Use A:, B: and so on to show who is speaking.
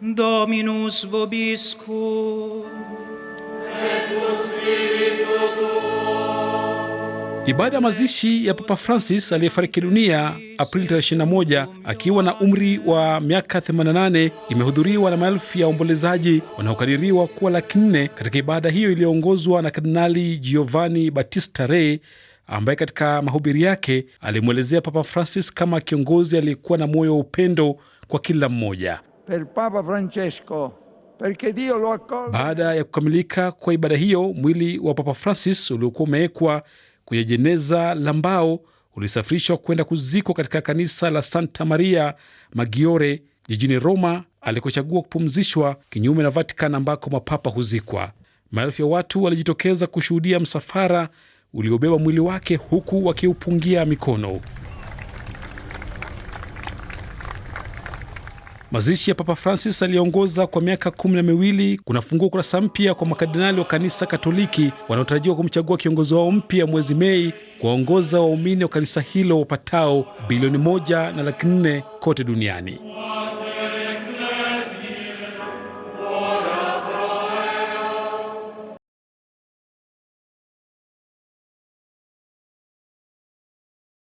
A: Dominus vobiscum. Et tu spiritu tuo. Ibada ya mazishi ya Papa Francis aliyefariki dunia Aprili 21 akiwa na umri wa miaka 88 imehudhuriwa na maelfu ya waombolezaji wanaokadiriwa kuwa laki nne katika ibada hiyo iliyoongozwa na Kardinali Giovanni Battista Re ambaye katika mahubiri yake alimwelezea Papa Francis kama kiongozi aliyekuwa na moyo wa upendo kwa kila mmoja
B: per Papa Francesco perché Dio lo
A: Baada ya kukamilika kwa ibada hiyo, mwili wa Papa Francis uliokuwa umewekwa kwenye jeneza la mbao ulisafirishwa kwenda kuzikwa katika kanisa la Santa Maria Maggiore jijini Roma, alikochagua kupumzishwa, kinyume na Vatican ambako mapapa huzikwa. Maelfu ya watu walijitokeza kushuhudia msafara uliobeba mwili wake huku wakiupungia mikono. Mazishi ya Papa Francis aliyeongoza kwa miaka kumi na miwili kunafungua ukurasa mpya kwa makardinali wa kanisa Katoliki wanaotarajiwa kumchagua kiongozi wao mpya mwezi Mei kuwaongoza waumini wa kanisa hilo wapatao bilioni moja na laki nne kote duniani.